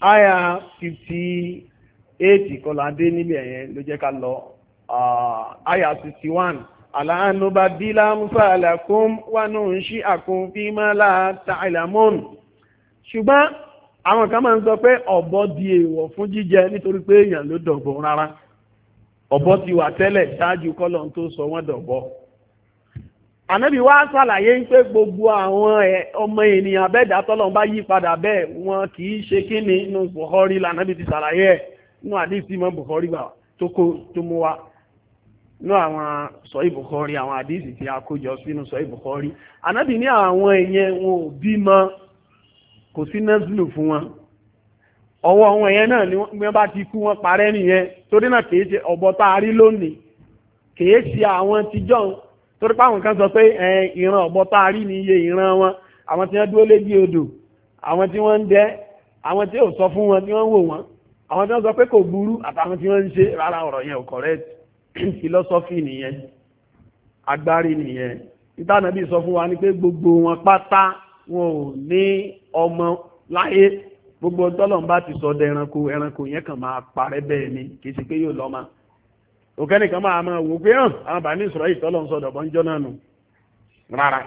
aya fifty eight kọládé níbẹ̀ yẹn ló jẹ́ ká lọ aya sixty one aláàánúbà bílá musa alákún wánú ń ṣí àkún fi máa la ta àìlàmọ́n ṣùgbọ́n àwọn kan máa ń sọ pé ọ̀bọ di èèwọ̀ fún jíjẹ nítorí pé èèyàn ló dọ̀gbọ̀n rárá ọ̀bọ ti wà tẹ́lẹ̀ ṣáájú kọ́lọ́n tó sọ wọ́n dọ̀gbọ̀n ànábì wá ṣàlàyé pé gbogbo àwọn ọmọ ènìyàn bẹ́ẹ̀dá tọ́lọ́n bá yí padà bẹ́ẹ̀ wọn kì í ṣe kí ni inú bukhari lànàbì ti ṣàlàyé ẹ̀ inú àdìsí mọ́ bukhari gbà tó kó tó mú wa inú àwọn sọ ìbùkọ́rí àwọn àdìsí tí a kójọ sínú sọ ìbùkọ́rí ànábì ní àwọn èèyàn wọn ò bímọ kò sí nẹ́sìlù fún wọn ọwọ́ àwọn èèyàn náà ni wọ́n bá ti kú wọn parẹ́ nìyẹn torí náà kìí ṣe ọ̀bọ a rí lónìí torí páwọn kan sọ pé ìran ọ̀bọ tá a rí ní iye ìran wọn àwọn tí wọ́n dúró lébi odò àwọn tí wọ́n ń dẹ àwọn tí ò sọ fún wọn tí wọ́n ń wò wọ́n àwọn tí wọ́n sọ pé kò burú àtàwọn tí wọ́n ń ṣe rárá ọ̀rọ̀ yẹn ò correct (clears throat) philosophy nìyẹn agbárí nìyẹn ìtànàbí sọ fún wa ni pé gbogbo wọn pátá wọn ò ní ọmọ láyé gbogbo tọ́lọ̀ ń bá ti sọ dẹranko ẹranko yẹn kàn máa parẹ́ bẹ́ẹ̀ ni kì í ṣe pé yóò lọ́mọ òkè nìkan máa máa wò pé hàn àwọn bàní ìsọ̀rọ̀ ìtọ́lọ́ sọ̀dọ̀ bọ́ ń jọ náà nù rárá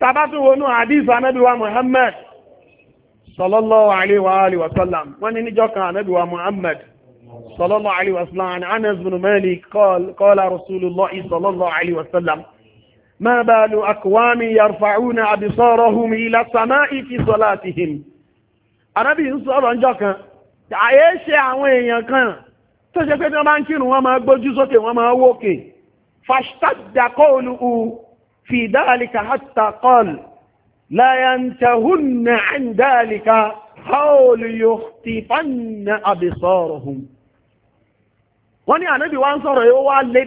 tàbá tó wọnú àdìs anábìwá Muhammad sallallahu alaihi wa alihi wa sallam wọ́n ní níjọ́ kan anábìwá Muhammad sallallahu alaihi wa sallam àni Anas bin Malik qala rasulullah sallallahu alaihi wa sallam ma balu aqwami yarfa'una absarahum tó ṣe pé tí wọ́n bá ń kírun wọ́n máa gbójú sókè wọ́n máa wókè fashtadda qawluhu fi dhalika hatta qala la yantahunna an dhalika aw yukhtifanna absaruhum wọ́n ní ànábì wá ń sọ̀rọ̀ yóò wá lé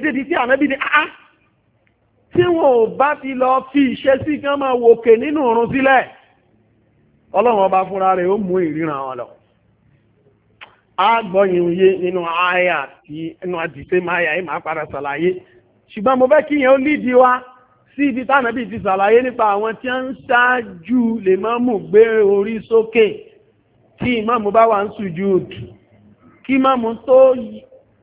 agbọ́yìn oyé nínú àyà tí ẹnu àdìsẹ́ máa yà máa padà ṣàlàyé ṣùgbọ́n mo fẹ́ kí yẹn ó lídi wá sí ibi táwọn ẹbí ti ṣàlàyé nípa àwọn tí wọ́n ń ṣáájú lè máa mú gbé orí sókè tí ìmáàmù bá wà ń sùjúd kí ìmáàmù tó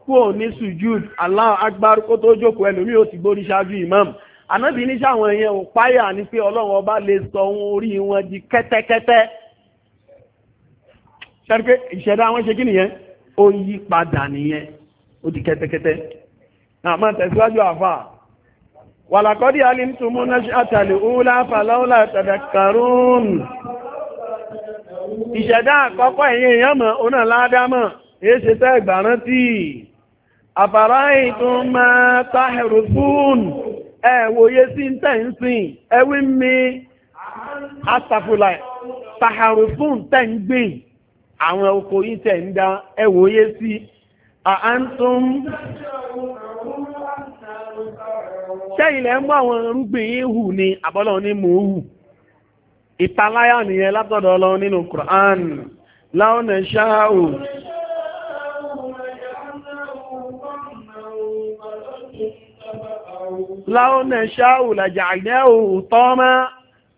kúrò ní sùjúd Allahu akbar kó tó jókòó ẹlòmíì ó ti gbórí ṣáájú ìmáàmù ànábì níṣẹ́ àwọn èèyàn ò páyà ni pé ọlọ́run ọba lè sọ ohun orí wọn di kẹ́tẹ́kẹ́tẹ́ ṣẹ́rí pé ìṣẹ̀dá wọn ṣe kí nìyẹn ó yí padà nìyẹn ó di kẹ́tẹ́kẹ́tẹ́ àmọ́ tẹ̀síwájú àfà wàlàkọ́dí alimtumu nash'atal ula falawla tadakkarun ìṣẹ̀dá àkọ́kọ́ ẹ̀yìn èèyàn mọ̀ ó náà ládámọ̀ èé ṣe tẹ́ ìgbàrán tí àfàrá ìtún máa táhẹ̀rù fún ẹ̀wòye àwọn oko yìí tẹ̀ ń dá ẹwòye sí àántún ṣẹ́yìnlẹ̀ mú àwọn irúgbìn yìí hù ní àbọ́lọ̀ ní mò hù ìtaláyà nìyẹn látọ̀dọ̀ ọlọ́run nínú Qur'an láwọn ṣáàrù láwọn ṣáàrù làjà àgbẹ̀ òótọ́ máa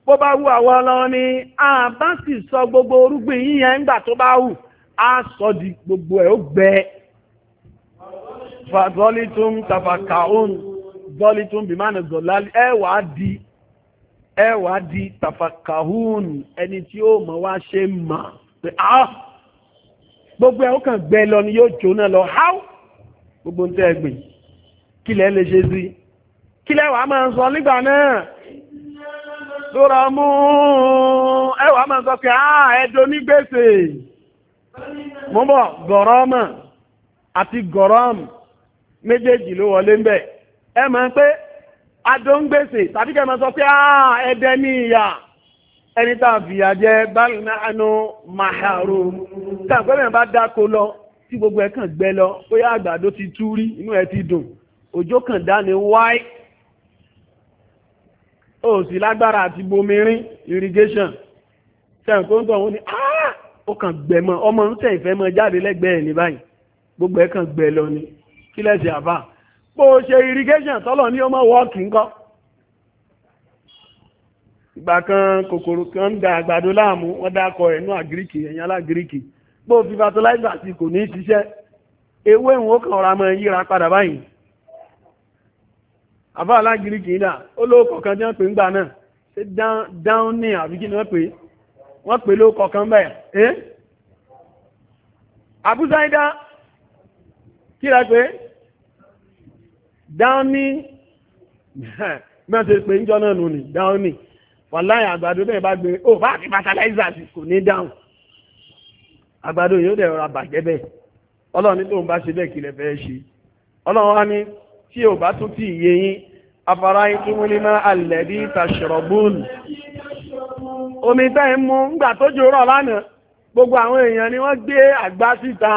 bó bá wù àwọn ọlọ́run ni a bá sì sọ gbogbo orúgbìn yíyan ńgbà tó bá wù á sọ di gbogbo ẹ̀ ó gbẹ fàdọ́lítún tàfàkàún dọ́lítún bìmánà zọ̀lálì ẹ wà á di ẹ wà á di tàfàkàún ẹni tí ó mọ̀ wá ṣe mà pé á gbogbo ẹ̀ ó kàn gbẹ lọ ni yóò jóná lọ háù gbogbo ń tẹ́ ẹ gbìn kílẹ̀ lè ṣe sí kílẹ̀ wàá máa sọ nígbà náà. sọ́ra mú ẹwà máa sọ pé àà ah, ẹ̀dọ́ ní gbèsè mú bọ̀ àti gọ̀rọ́m méjèèjì ló wọlé ń bẹ̀ ẹ máa pé adó ń gbèsè tàbí kẹ́ máa sọ pé àà ah, ẹ̀dẹ́ ní ìyà ẹni tá a fìyà bá dáko lọ tí gbogbo ẹ̀ lọ bóyá àgbàdo ti inú ti dùn ó sì lágbára àti bomirin irrigation sẹ́ǹkó ń tọ̀ wọ́n ni ah! ó kàn gbẹ̀mọ̀ ọmọ ń tẹ̀ ìfẹ́ mọ jáde lẹ́gbẹ̀ẹ́ ní báyìí gbogbo ẹ̀ kàn gbẹ̀ lọ ni kí lẹ́sẹ̀ àbá bó o ṣe irrigation tọ́lọ̀ ní ọmọ wọ́ọ̀kì ńkọ́ ìgbà kan kòkòrò kan ń da àgbàdo láàmú wọ́n dákọ ẹ̀ ní àgíríkì ẹ̀yìn alágíríkì bó o fi fertilizer sí kò ní í ṣiṣẹ́ ewé ìwọ̀n kan ọ̀rọ̀ àmọ́ yíra padà báyìí àbá alágiri kìí dà ó lówó kọ̀ọ̀kan jẹ́ pé ń gbà náà ṣe dáún ní àbíkí ni wọ́n pè wọ́n pè lówó kọ̀ọ̀kan bẹ́ẹ̀ ẹ́ àbúzáídá kíra pé dáún ní mẹ́sẹ̀ (laughs) pé ń jọ náà nù ní dáún ní wàláyà àgbàdo bẹ́ẹ̀ bá gbé ó bá àti fertilizer sí kò ní dáún àgbàdo yóò dẹ̀ rọra bàjẹ́ bẹ́ẹ̀ ọlọ́run ní tóun bá ṣe bẹ́ẹ̀ kìlẹ̀ fẹ́ ṣe ọlọ́run wá ní tí ò bá tún ti yé yín afárá ìtumúlímá alẹ́bí tàṣọ̀rọ̀bùn omi tẹ́ ń mú ńgbà tó jò rọ̀ lánàá gbogbo àwọn èèyàn ni wọ́n gbé àgbá síta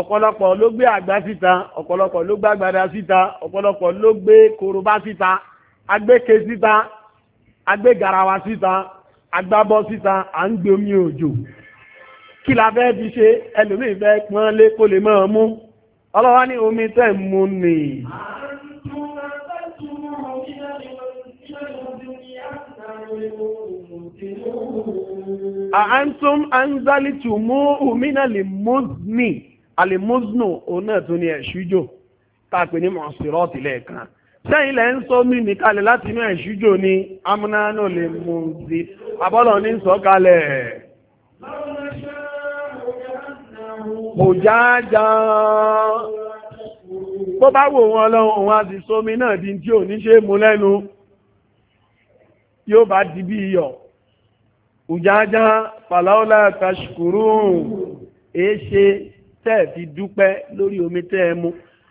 ọ̀pọ̀lọpọ̀ ló gbé àgbá síta ọ̀pọ̀lọpọ̀ ló gbé agbada síta ọ̀pọ̀lọpọ̀ ló gbé korobá síta agbéke síta agbé garawa síta agbábọ́ síta à ń gbé omi òjò kí la fẹ́ fi ṣe ẹlòmíì fẹ́ pọ́n lé kó lè máa mú ọlọ́wọ́ ní omi tẹ́ mú ní àántún anzalitu mú òmìnà lè mọ́sní alìmọ́snù òun náà tún ní ẹ̀ṣújò tàpé ní mọ̀sírọ́ọ̀tì lẹ́ẹ̀kan sẹ́yìn lẹ́ ń sọ mí nìkalẹ̀ láti inú ẹ̀ṣújò ní amúnáánà lè mọ́sí abọ́lọ̀ ní sọ́kalẹ̀ mùjájá tó bá wò wọn lọ́wọ́ òun àti sómi náà di tí ò ní ṣe mú lẹ́nu yóò bá di bí iyọ̀ mùjájá fàlàólà tàṣkùrùn èéṣe tẹ́ fi dúpẹ́ lórí omi tẹ́ ẹ mú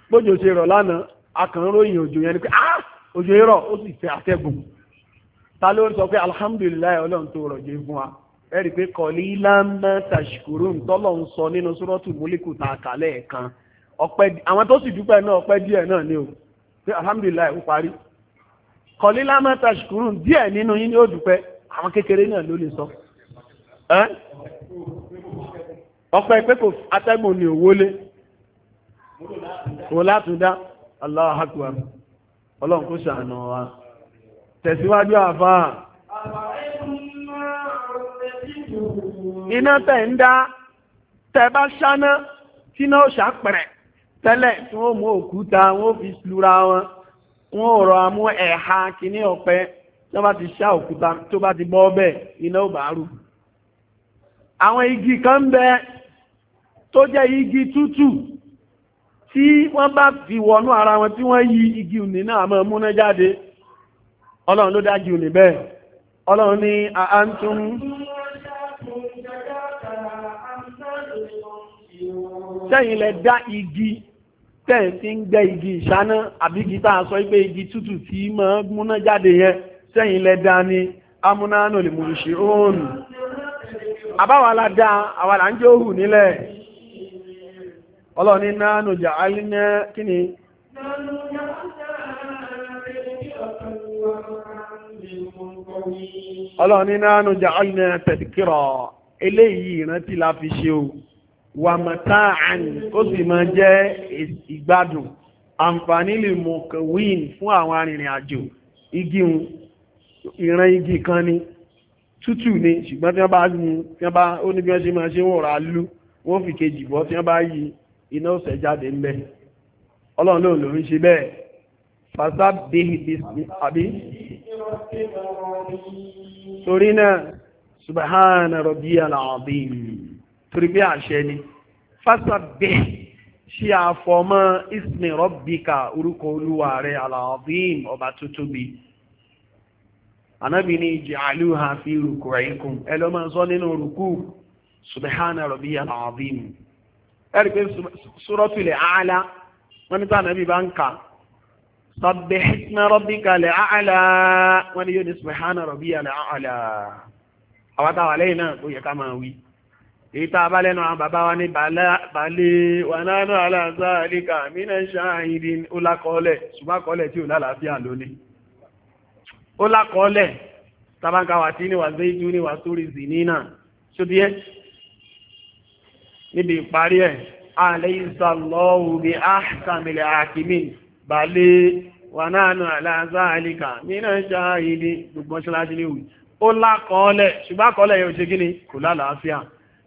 bójò ṣe rọ̀ lánàá akànróyìn òjò yẹn ni pé ah òjò rọ̀ ó sì fẹ́ atẹ́gùn ta ló ń sọ pé alhamdulilayi ọlọ́run tó rọ̀jò fún wa ẹ̀rí pé kọ̀lí lámà tàṣkúrú ntọ́lọ̀ ń sọ nínú sọ́rọ́tù múlíkù tá a kà àwọn tó sì dúpẹ́ náà ọpẹ́ díẹ̀ náà ni o pé alhamdulilayi ó parí kọ̀lí lámà tàṣkúrú díẹ̀ nínú yín ni ó dúpẹ́ àwọn kékeré náà ló lè sọ ọpẹ́ pé kò atẹ́gùn ni iná tẹ̀ ń dá tẹ bá ṣáná tí náà ṣàpẹ̀rẹ̀ tẹ́lẹ̀ tí wọ́n mú òkúta wọ́n fi lura wọn wọ́n rọ amú ẹ̀ha kìíní ọ̀pẹ tí bá ti ṣá òkúta tó bá ti bọ́ bẹ́ẹ̀ iná ò bá rú. àwọn igi kan ń bẹ tó jẹ́ igi tútù tí wọ́n bá fi wọnú ara wọn tí wọ́n yí igi òní náà máa múná jáde ọlọ́run ló dájú òní bẹ́ẹ̀ ọlọ́run ní àántún. sẹ́yìn lẹ dá igi tẹ̀ fi ń gbẹ́ igi ìṣáná àbí igi tá a sọ pé igi tútù tí máa múná jáde yẹn sẹ́yìn lẹ dá ni amúnáánù lè mú ìṣe òun àbáwa la dá àwa là ń jẹ́ òhù nílẹ̀ ọlọ́ni nánú jà alínẹ́ kí ni ọlọ́ni nánú jà alínẹ́ tẹ̀síkírọ̀ eléyìí ìrántí la fi ṣe o wàmọ̀tá àní ó sì máa jẹ́ ìgbádùn àǹfààní lè mọ̀ kẹwìn fún àwọn arìnrìn àjò igi ìran igi kan ni tútù ni ṣùgbọ́n tí wọ́n bá mú tí wọ́n bá ó ní bí wọ́n ṣe máa ṣe wọ̀rọ̀ alú wọ́n fi kejì bọ́ tí wọ́n bá yí iná ọ̀sẹ̀ jáde ń bẹ́ ọlọ́run lòun lòun ṣe bẹ́ẹ̀ fàṣà bíi bíi àbí torí náà subhana rabbiyal azim torí pé àṣẹ ni fásitì ṣí àfọmọ́ ismi rọ́bìkà orúkọ olúwa rẹ̀ aláàbíìn ọba tó tóbi anábì ní ìjì àlúhà fi rùkù ẹ̀kùn ẹlọ́mọ sọ nínú rùkù subhana rabbiyal azim ẹ̀rí pé suratul àálá wọ́n ní tàà nàbí bá ń kà sabbih isma rabbikal àálá wọ́n ní yóò ní subhana rabbiyal àálá àwọn táwà lẹ́yìn náà ó yẹ ká máa wí ìta abálẹ́nu àwọn bàbá wa ní balẹ̀ wà náà aláàzá àríkà mínà ṣáàìdí ó lákọọ́lẹ̀ ṣùgbákọọ́lẹ̀ tí ò lálàáfíà lónìí ó lákọọ́lẹ̀ tàbánkàwà tí ní wà zéjú ní wà sórí zinina ṣóbíẹ́ níbi ìparí ẹ̀ alayhisallahu bi ahkamil hakimin balẹ̀ wà aláàzá àríkà mínà ṣáàìdí gbogbo ṣọlá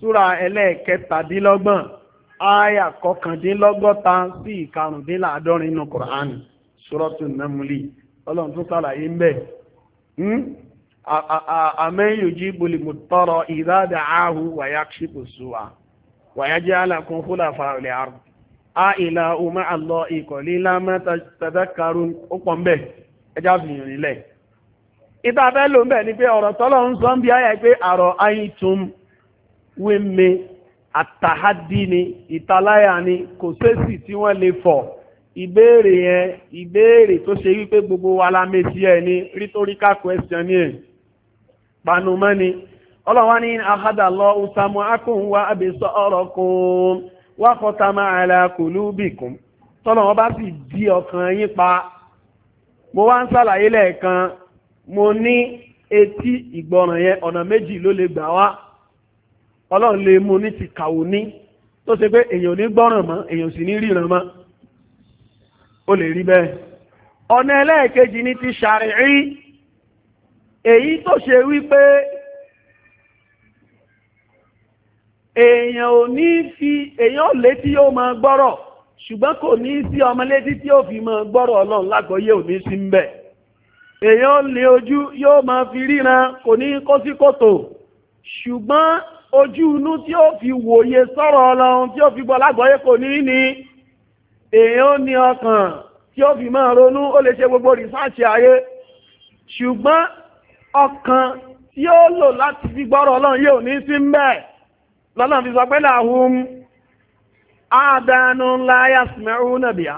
súra ẹlẹ́ẹ̀kẹtàdínlọ́gbọ̀n àyà kọkàndínlọ́gọ́ta sí ìkarùndínláàádọ́rin nínú kùránì súrọ́tù nàmúlì ọlọ́run tó sàlàyé ń bẹ̀. àmín hmm? yujibu limutara idha da'ahu wa yakshifu su'a wa yaj'alakum khulafa'al ard àìlà ọmọ àlọ́ ìkọ̀lí lámẹ́ta tẹ̀dẹ́kàrú ó pọ̀ ń bẹ̀ ẹjá fìyàn nílẹ̀. ìtàfẹ́ ló ń bẹ̀ ni pé ọ̀rọ̀ tọ́lọ́ ń sọ ń bí ayẹ pé àrọ̀ ayé tún wéme àtàhádì ni ìtaláyà kò sẹ́sì tí wọ́n lè fọ̀ ìbéèrè yẹn ìbéèrè tó ṣe wípé gbogbo wa la méjì ẹ̀ ní rhetorical question ni ẹ̀ panumọ́ ni ọlọ́wọ́ ní àhádàlọ́ ọ̀sàmù akóhùnwá àbẹ̀sọ ọ̀rọ̀ kún wá bá sì di ọkàn yín pa mo wá ń ṣàlàyé lẹ́ẹ̀kan mo ní etí ìgbọràn yẹn ọ̀nà méjì ló lè gbà ọlọ́run lè mú ní ti kàwó ní tó ṣe pé èèyàn ò ní gbọ́ràn mọ́ èèyàn sì ní ríran mọ́ lè rí bẹ́ẹ̀ ọ̀nà ẹlẹ́ẹ̀kejì ní ti ṣàrí-rí èyí tó ṣe wípé èèyàn ò ní fi èèyàn létí yóò máa gbọ́rọ̀ ṣùgbọ́n kò ní sí tí yóò fi máa gbọ́rọ̀ ọlọ́run lágbọ́yé ò ní sí ń bẹ̀ èèyàn lè ojú yóò máa fi ríran kò ní kó sí kòtò ojú inú tí ó fi wòye sọ̀rọ̀ ọlọ́run tí ó fi gbọ́ lágbọ́yé kò ní ní èèyàn ní ọkàn tí ó fi máa ronú ó lè ṣe gbogbo rìsáàṣì ayé ṣùgbọ́n ọkàn tí ó lò láti fi gbọ́rọ̀ ọlọ́run yóò ní sí mbẹ́ lọ́nà fi sọ pé làhùn àdánù láyàsìmẹ́rú nàbíà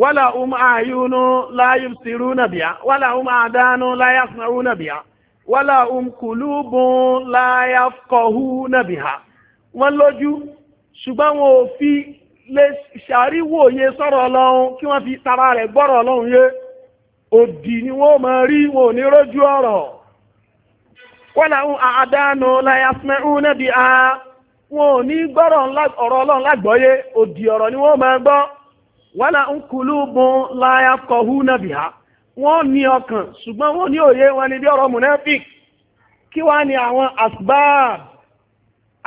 wọ́là um àyúnú láyùsìrú nàbíà nàbíà wọ́lá òǹkùlùbùn láyà kọ̀hú nàbìhà wọ́n lójú ṣùgbọ́n wọn ò fi lè ṣàríwòye sọ̀rọ̀ ọlọ́run kí wọ́n fi tara rẹ̀ gbọ́rọ̀ ọlọ́run yé òdì ni wọ́n máa rí wọn ò ní rójú ọ̀rọ̀ wọ́lá òun àdánù láyà smẹ́hún nàbìhà wọn ò ní gbọ́rọ̀ ọ̀rọ̀ ọlọ́run lágbọ́yé òdì ọ̀rọ̀ ni wọ́n máa gbọ́ wọ́lá òǹkùlùbùn láyà kọ̀hú nàbìhà wọ́n ní ọkàn ṣùgbọ́n wọ́n ní òye wọn ni bí ọ̀rọ̀ munafik kí wá ní àwọn asbab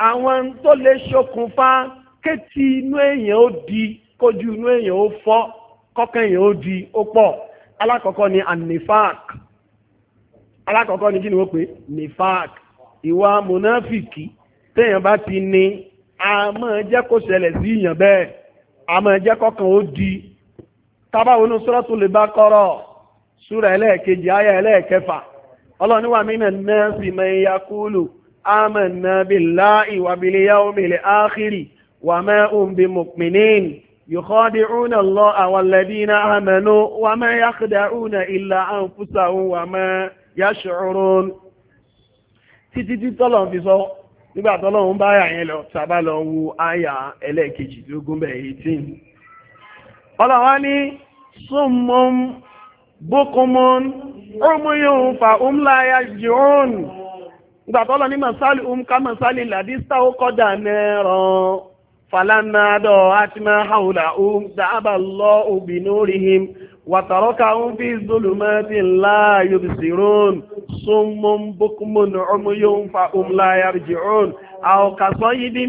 àwọn tó lè ṣokùnfà kétí inú èèyàn ó di kójú inú èèyàn ó fọ́ kọ́kàn èèyàn ó di ó pọ̀ alákọ̀ọ́kọ́ ni anifak alákọ̀ọ́kọ́ ni kí ni wọ́n pè nifak ìwà munafiki téèyàn bá ti ní a máa jẹ́ kó ṣẹlẹ̀ sí èèyàn bẹ́ẹ̀ a máa jẹ́ kọ́kàn ó di tábàwọn oníṣòro tó lè bá kọ́rọ̀ súra ẹlẹ́ẹ̀kejì ayá ẹlẹ́ẹ̀kẹfà ọlọ́ni wà mínà nẹ́ẹ̀sì man yaqulu amanna billahi wa bil yawmil akhir wa ma hum bi mu'minin yukhadi'una Allaha wal ladina amanu wa ma yakhda'una illa anfusahum wa ma yash'urun títí ọlọ́wọ́ ní summun bukumun umuyun fa umlaya jiun gbàtọ́lọ̀ ní masali um ká masali ladista ó kọ́dà nẹ́rọ falanadọ̀ àti máa haula um dáàbà lọ obìnúrihim wàtàrọ́ka um fi zulumati la yubsirun summun bukumun umuyun fa umlaya jiun àwọ̀kàsọ́